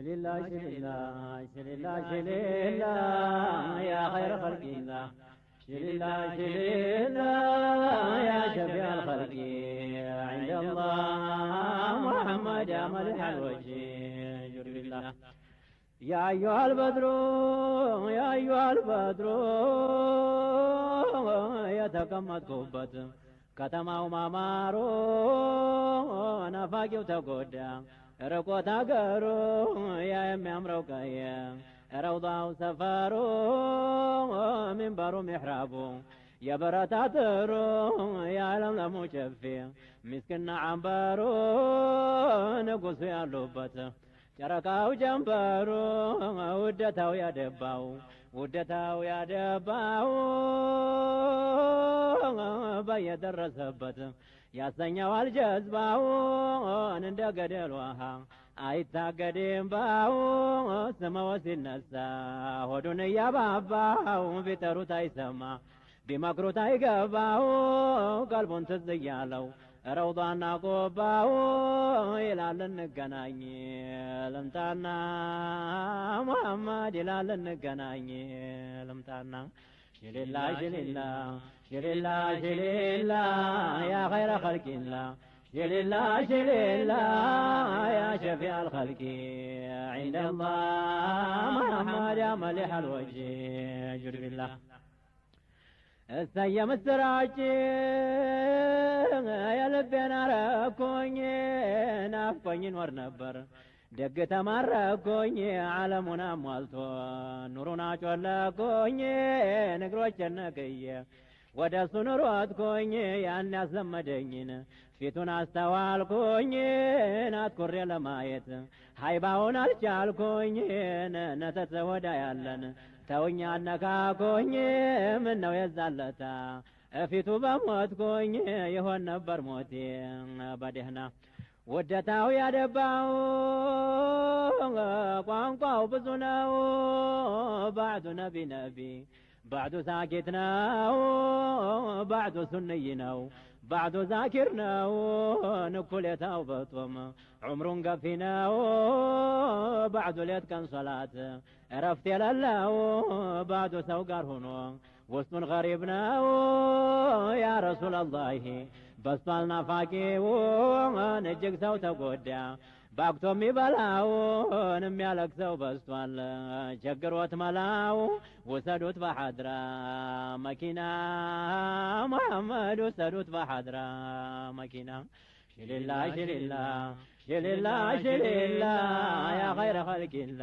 شليلا شليلا شليلا شليلا يا خير خلق الله شليلا شليلا يا شفيع الخلق عند الله محمد يا ملح الوجه جر بالله يا أيها البدر يا أيها البدر የተቀመጥኩበት ከተማው ማማሮ ነፋቂው ተጎዳ ርቆት አገሩ ያ የሚያምረው ቀየ ረውዳው ሰፈሩ ሚንበሩ ሚሕራቡ የበረታ ጥሩ የዓለምለሙ ጨፌ ምስክና አንበሩ ንጉሱ ያሉበት ጨረቃው ጀንበሩ ውደታው ያደባው ውደታው ያደባው በየደረሰበት ያሰኘዋል ጀዝባውን እንደ ገደል ውሃ አይታገድም ባው ስመወ ሲነሳ ሆዱን እያባባው ቢጠሩት አይሰማ ቢመክሩት አይገባው ቀልቡን ትዝ እያለው ረውዷና ቆባው ይላል እንገናኝ ልምጣና ሙሐመድ ይላል እንገናኝ ልምጣና شللا شللا شللا شللا يا خير خلق الله شللا شللا يا شفيع الخلق عند الله محمد يا مليح الوجه جر بالله السيم السراج يا لبنا ركوني نافقين ورنبر ደግ ተማረኩኝ ዓለሙን አሟልቶ ኑሩን አጮለኩኝ ንግሮች ነቅየ ወደ እሱ ኑሮትኩኝ ያን ያስለመደኝን ፊቱን አስተዋልኩኝ ናትኩሬ ለማየት ሀይባውን አልቻልኩኝ ነተተ ወዳ ያለን ተውኝ አነካኩኝ ምን ነው የዛለታ እፊቱ በሞትኩኝ ይሆን ነበር ሞቴ በደህና ውደታው ያደባው ቋንቋው ብዙ ነው። ባዕዱ ነቢ ነቢ ባዕዱ ሳኬት ነው። ባዕዱ ሱንይ ነው። ባዕዱ ዛኪር ነው። ንኩሌታው በጦም ዑምሩን ገፊ ነው። ባዕዱ ሌት ቀን ሶላት እረፍት የሌለው ባዕዱ ሰው ጋር ሆኖ ውስጡን ገሪብ ነው። ያ ረሱል አላህ በስቷል ናፋቂውን እጅግ ሰው ተጎዳ ባክቶ የሚበላውን የሚያለቅሰው በስቷል ቸግሮት መላው ውሰዱት በሐድራ መኪና መሐመድ ውሰዱት በሐድራ መኪና ሽልላ ሽልላ ሽልላ ሽልላ ያ ኸይረ ኸልቂላ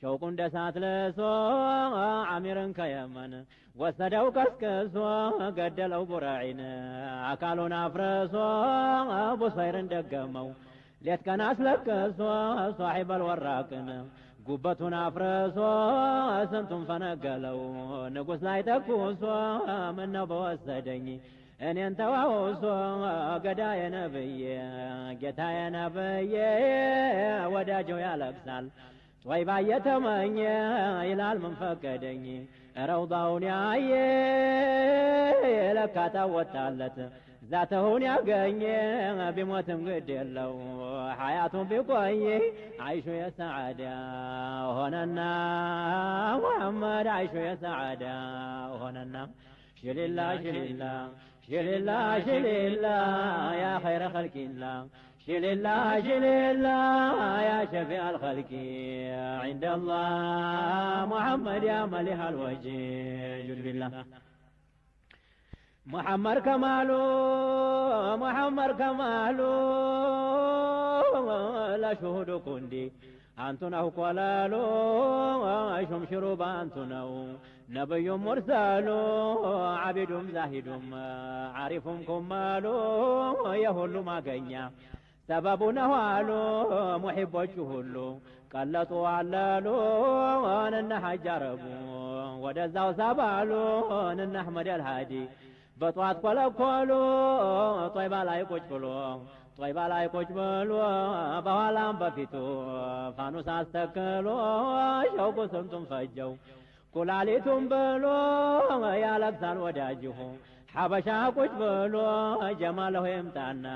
ሸውቁ እንደ ሳት ለሶ አሚርን ከየመን ወሰደው ቀስቅሶ ገደለው ቡራዒን አካሉን አፍረሶ ቡሰይርን ደገመው ሌት ቀን አስለቅሶ ሷሒብ አልወራቅን ጉበቱን አፍረሶ ስንቱን ፈነገለው ንጉሥ ላይ ተኩሶ ምነው በወሰደኝ እኔን ተዋውሶ ገዳዬ ነብዬ ጌታዬ ነብዬ ወዳጀው ያለቅሳል ወይ ባየተመኘ ይላል ምን ፈቀደኝ ረውዳውን ያየ ለካ ታወጣለት ዛተውን ያገኘ ቢሞትም ግድ የለው ሐያቱን ቢቆይ አይሹ የሰዓዳ ሆነና ሙሐመድ አይሹ የሰዓዳ ሆነና ሽሊላ ሽሊላ شيل الله شيل الله يا خير خلق الله شيل الله شيل الله يا شفيع الخلق عند الله محمد يا مليح الوجه جل بالله محمد كمالو محمد كمالو لا شهود كندي አንቱ ነው ቆላሉ ሹምሽሩ በአንቱ ነው ነብዩም ሙርሰሉ አቢዱም ዛሂዱም አሪፉም ኩማሉ የሁሉ ማገኛ ሰበቡ ነው አሉ ሙሒቦቹ ሁሉ ቀለጡ አለሉ ንና አረቡ ወደዛው ሰባሉ ንና አሕመድ አልሃዲ በጠዋት ኮለኮሉ ጦይባ ላይ ቁጭ ብሎ ጦይባ ላይ ብሎ በኋላም በፊቱ ፋኑስ አስተክሎ ሸውቁ ስምጡን ፈጀው ኩላሊቱም ብሎ ያለቅሳል ወዳጅሁ ሐበሻ ቁጭ ብሎ ጀማለሁ ይምጣና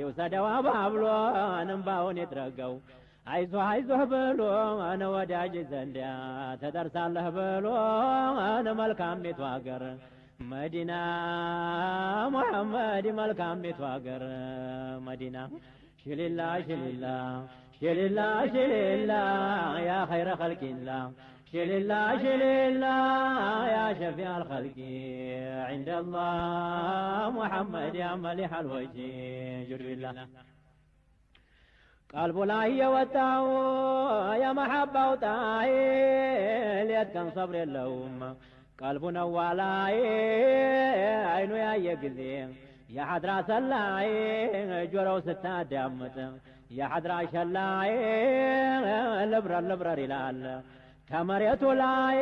ይውሰደው ባብሎ እንባውን ይጥረገው አይዞ አይዞ ብሎ እነ ወዳጅ ዘንዳ ተደርሳለህ ብሎ እነ ቤቱ አገር مدينه محمد ملكا متواجر مدينه شليلا الله شليلا الله يا خير خلق الله شليلا الله يا شفيع الخلق عند الله محمد يا مليح الوجه جر الله قلب لا هي وتاو يا محبه وتاهي ليت كان صبر اللهم ቀልቡነ ዋላይ አይኑ ያየ ጊዜ የሐድራ ሰላይ ጆሮው ስታዳምጥ የሐድራ ሸላይ ልብረር ልብረር ይላል ከመሬቱ ላይ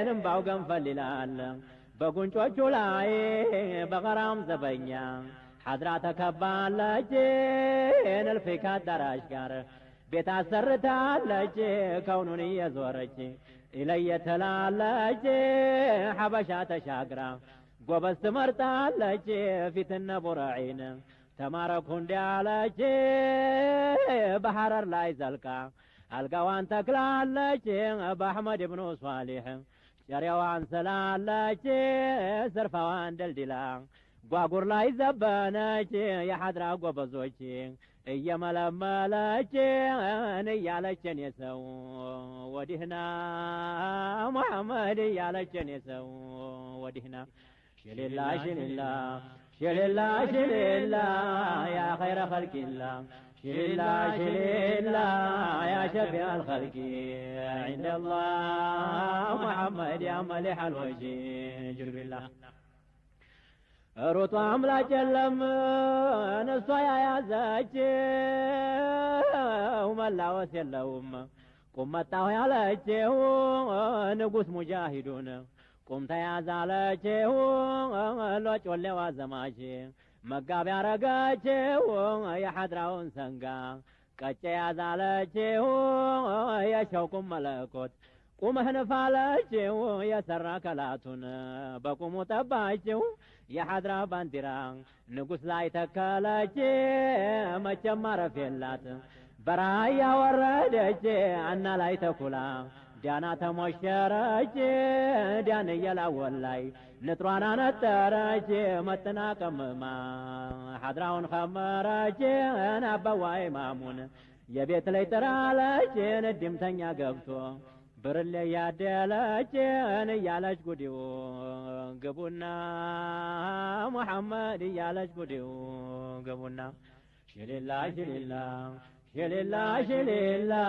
እንባው ገንፈል ይላል በጉንጮቹ ላይ በቀራም ዘበኛ ሐድራ ተከባለች ንልፊ ከአዳራሽ ጋር ቤት አሰርታለች ከውኑን እየዞረች ኢለየ ተላለች ሐበሻ ተሻግራ ጎበዝ ትመርጣለች ፊትነ ቡረዒን ተማረኩ እንዲያለች በሐረር ላይ ዘልቃ አልጋዋን ተክላለች በአሕመድ እብኑ ሷሊሕ ጨሬዋን ስላለች ስርፋዋን ደልድላ ባጉር ላይ ዘበነች የሐድራ ጎበዞች እየመለመለችን እያለችን የሰው ወዲህና ሙሐመድ እያለችን የሰው ወዲህና ሽልላ ሽልላ ሽልላ ሽልላ ያ ኸይረ ኸልቂላ ሽልላ ሽልላ ያ ሸፊዕ አልኸልቂ عند الله محمد يا مليح الوجه جرب الله ሮጦ አምላጭ የለም እሷ ያያዛችው መላወስ የለውም። ቁም መጣሁ ያለችው ንጉሥ ሙጃሂዱን ቁም ተያዝ አለችው ሎጮሌው ዘማች መጋቢ ያረገችው የሐድራውን ሰንጋ ቀጨ ያዝ አለችው የሸውቁም መለኮት ቁምህን ፋለችው የሠራ ከላቱን በቁሙ ጠባችው የሐድራ ባንዲራ ንጉሥ ላይ ተከለች መቼም ማረፍ የላት በራያ ወረደች አና ላይ ተኩላ ዳና ተሞሸረች ዳን ላይ ንጥሯን አነጠረች መጥና ቀምማ ሐድራውን ኸመረች ናበዋይ ማሙን የቤት ላይ ጥራለች ንድምተኛ ገብቶ برل يا أنا يا لاج غديو غبونا محمد يا لاج غديو غبونا شليلا شليلا شليلا شليلا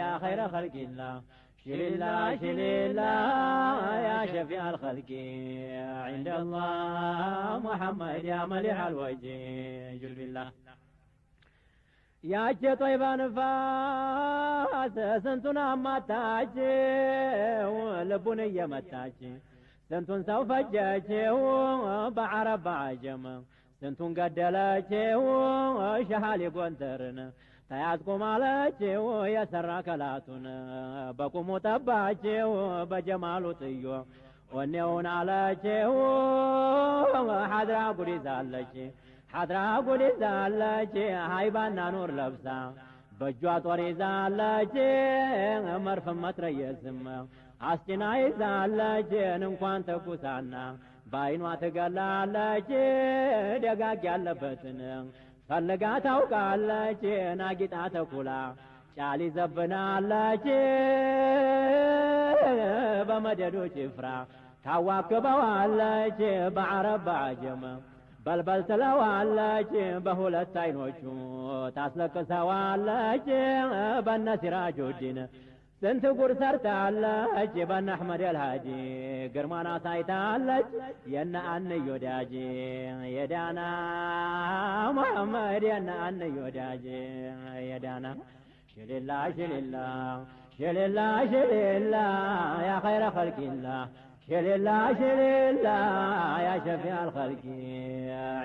يا خير خلق الله شليلا شليلا يا شفيع الخلق عند الله محمد يا مليح الوجه جل بالله يا جي طيب انفاس እያለቀሰ ስንቱን አማታችው ልቡን እየመታች ስንቱን ሰው ፈጀችው በዐረብ በዐጀም ስንቱን ገደለችው ሸሃሊ ጎንደርን ተያዝኩ ማለችው የሰራ ከላቱን በቁሙ ጠባችው በጀማሉ ጥዮ ወኔውን አለችው ሐድራ ጉዲዛለች ሐድራ ጉዲዛለች ሀይባና ኑር ለብሳ በእጇ ጦር ይዛለች መርፍ መትረየስም አስጭና ይዛለች እንኳን ትኩሳና በአይኗ ትገላለች ደጋግ ያለበትን ፈልጋ ታውቃለች ናጊጣ ተኩላ ጫሊ ዘብናለች በመደዶች ይፍራ ታዋክበዋለች በአረብ በአጀም ትለዋለች በሁለት አይኖቹ ታስለቅሰዋለች በነ ሲራጁዲን ስንት ጉድ ሰርታለች በነ አሕመድ አልሃጂ ግርማና ሳይታለች የነ አንዮ ዳጂ የዳና መሐመድ የነ አንዮ ዳጂ የዳና ሽልላ ሽልላ ሽልላ ሽልላ ያ ኸይረ ኸልቂላ شليلا شليلا يا شفيع الخلق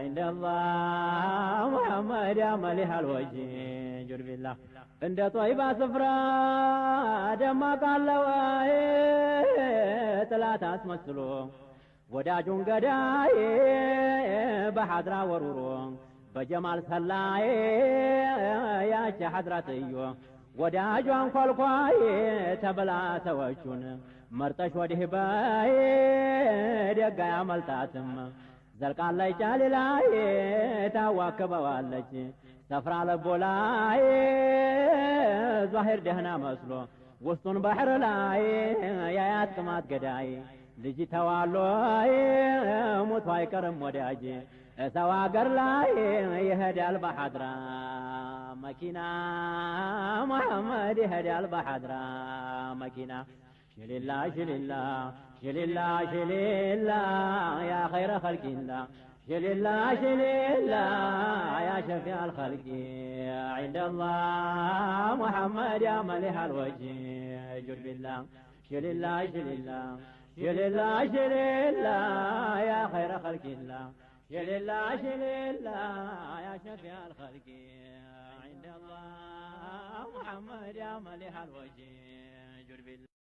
عند الله محمد يا مليح እንደ ጦይባ ስፍራ ደማቅ ጥላት አስመስሎ ወዳጁን ገዳይ በሐድራ ወሩሮ በጀማል ሰላይ ያቸ ሐድራትዮ ወዳጇን ኳልኳይ ተብላ ሰዎቹን መርጠሽ ወዲህ በይ ደጋ ያመልጣትም ዘልቃለች ጫሊ ላይ ታዋክበዋለች ሰፍራ ልቡ ላይ ዛሄር ደህና መስሎ ውስጡን ባሕር ላይ ያያት ቅማት ገዳይ ልጅ ተዋሎይ ሙቶ አይቀርም ወዳጅ እሰው አገር ላይ ይሄዳል በሐድራ مكينة محمد هدي البحضرة مكينة شليلا شليلا جل الله يا خير خلق الله جل الله يا شفيع الخلق عند الله محمد يا مليح الوجه جل بالله شليلا شليلا شليلا شليلا يا خير خلق الله يا لله يا لله يا شفيع الخلق عبد الله محمد يا مليح الوجه جرب